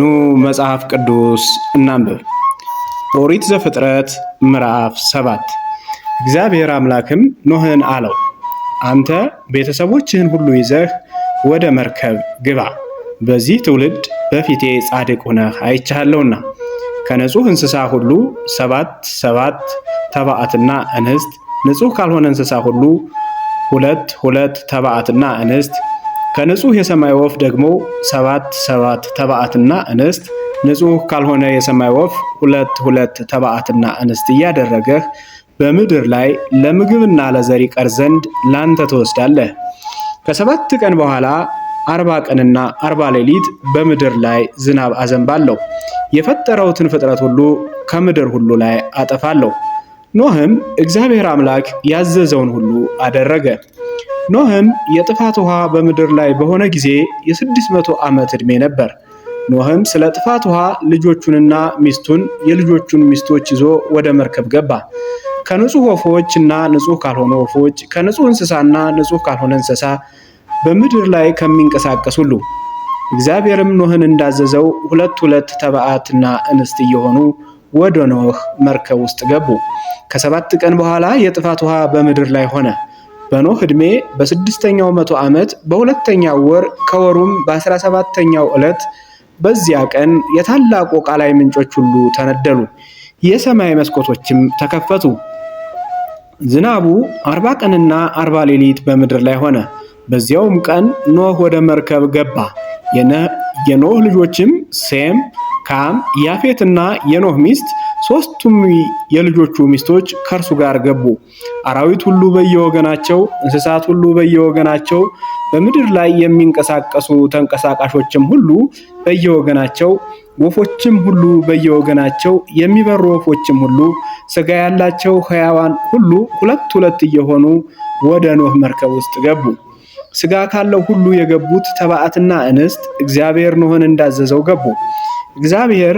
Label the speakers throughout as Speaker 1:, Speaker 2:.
Speaker 1: ኑ መጽሐፍ ቅዱስ እናንብብ። ኦሪት ዘፍጥረት ምዕራፍ ሰባት እግዚአብሔር አምላክም ኖህን አለው፣ አንተ ቤተሰቦችህን ሁሉ ይዘህ ወደ መርከብ ግባ፣ በዚህ ትውልድ በፊቴ ጻድቅ ሆነህ አይቻለውና ከንጹህ እንስሳ ሁሉ ሰባት ሰባት ተባዕትና እንስት፣ ንጹህ ካልሆነ እንስሳ ሁሉ ሁለት ሁለት ተባዕትና እንስት ከንጹህ የሰማይ ወፍ ደግሞ ሰባት ሰባት ተባዕትና እንስት ንጹህ ካልሆነ የሰማይ ወፍ ሁለት ሁለት ተባዕትና እንስት እያደረገህ በምድር ላይ ለምግብና ለዘር ይቀር ዘንድ ላንተ ትወስዳለህ። ከሰባት ቀን በኋላ አርባ ቀንና አርባ ሌሊት በምድር ላይ ዝናብ አዘንባለሁ፣ የፈጠረውትን ፍጥረት ሁሉ ከምድር ሁሉ ላይ አጠፋለሁ። ኖህም እግዚአብሔር አምላክ ያዘዘውን ሁሉ አደረገ። ኖህም የጥፋት ውሃ በምድር ላይ በሆነ ጊዜ የስድስት መቶ ዓመት ዕድሜ ነበር። ኖህም ስለ ጥፋት ውሃ ልጆቹንና ሚስቱን የልጆቹን ሚስቶች ይዞ ወደ መርከብ ገባ። ከንጹህ ወፎች እና ንጹህ ካልሆኑ ወፎች፣ ከንጹህ እንስሳና ንጹህ ካልሆነ እንስሳ፣ በምድር ላይ ከሚንቀሳቀስ ሁሉ እግዚአብሔርም ኖህን እንዳዘዘው ሁለት ሁለት ተባዕትና እንስት እየሆኑ ወደ ኖህ መርከብ ውስጥ ገቡ። ከሰባት ቀን በኋላ የጥፋት ውሃ በምድር ላይ ሆነ። በኖህ ዕድሜ በስድስተኛው መቶ ዓመት በሁለተኛው ወር ከወሩም በአስራ ሰባተኛው ዕለት በዚያ ቀን የታላቁ ቃላይ ምንጮች ሁሉ ተነደሉ፣ የሰማይ መስኮቶችም ተከፈቱ። ዝናቡ አርባ ቀንና አርባ ሌሊት በምድር ላይ ሆነ። በዚያውም ቀን ኖህ ወደ መርከብ ገባ። የኖህ ልጆችም ሴም፣ ካም፣ ያፌትና የኖህ ሚስት ሶስቱም የልጆቹ ሚስቶች ከእርሱ ጋር ገቡ። አራዊት ሁሉ በየወገናቸው፣ እንስሳት ሁሉ በየወገናቸው፣ በምድር ላይ የሚንቀሳቀሱ ተንቀሳቃሾችም ሁሉ በየወገናቸው፣ ወፎችም ሁሉ በየወገናቸው፣ የሚበሩ ወፎችም ሁሉ፣ ስጋ ያላቸው ሕያዋን ሁሉ ሁለት ሁለት እየሆኑ ወደ ኖህ መርከብ ውስጥ ገቡ። ስጋ ካለው ሁሉ የገቡት ተባዕትና እንስት እግዚአብሔር ኖህን እንዳዘዘው ገቡ። እግዚአብሔር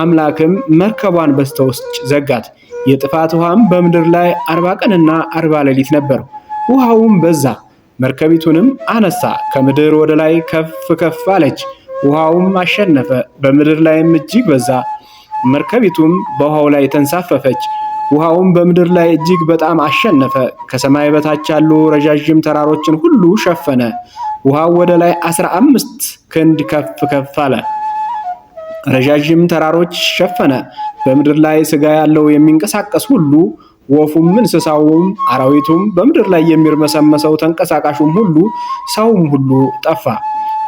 Speaker 1: አምላክም መርከቧን በስተውስጥ ዘጋት። የጥፋት ውሃም በምድር ላይ አርባ ቀንና አርባ ሌሊት ነበር። ውሃውም በዛ፣ መርከቢቱንም አነሳ፣ ከምድር ወደ ላይ ከፍ ከፍ አለች። ውሃውም አሸነፈ፣ በምድር ላይም እጅግ በዛ። መርከቢቱም በውሃው ላይ ተንሳፈፈች። ውሃውም በምድር ላይ እጅግ በጣም አሸነፈ፣ ከሰማይ በታች ያሉ ረዣዥም ተራሮችን ሁሉ ሸፈነ። ውሃው ወደ ላይ አስራ አምስት ክንድ ከፍ ከፍ አለ። ረዣዥም ተራሮች ሸፈነ። በምድር ላይ ስጋ ያለው የሚንቀሳቀስ ሁሉ ወፉም፣ እንስሳውም፣ አራዊቱም በምድር ላይ የሚርመሰመሰው ተንቀሳቃሹም ሁሉ ሰውም ሁሉ ጠፋ።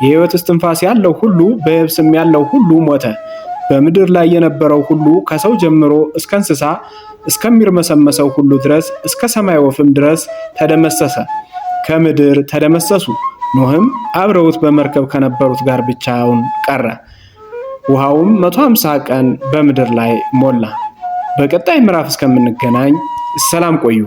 Speaker 1: የሕይወት እስትንፋስ ያለው ሁሉ በየብስም ያለው ሁሉ ሞተ። በምድር ላይ የነበረው ሁሉ ከሰው ጀምሮ እስከ እንስሳ እስከሚርመሰመሰው ሁሉ ድረስ እስከ ሰማይ ወፍም ድረስ ተደመሰሰ። ከምድር ተደመሰሱ። ኖህም አብረውት በመርከብ ከነበሩት ጋር ብቻውን ቀረ። ውሃውም 150 ቀን በምድር ላይ ሞላ። በቀጣይ ምዕራፍ እስከምንገናኝ ሰላም ቆዩ።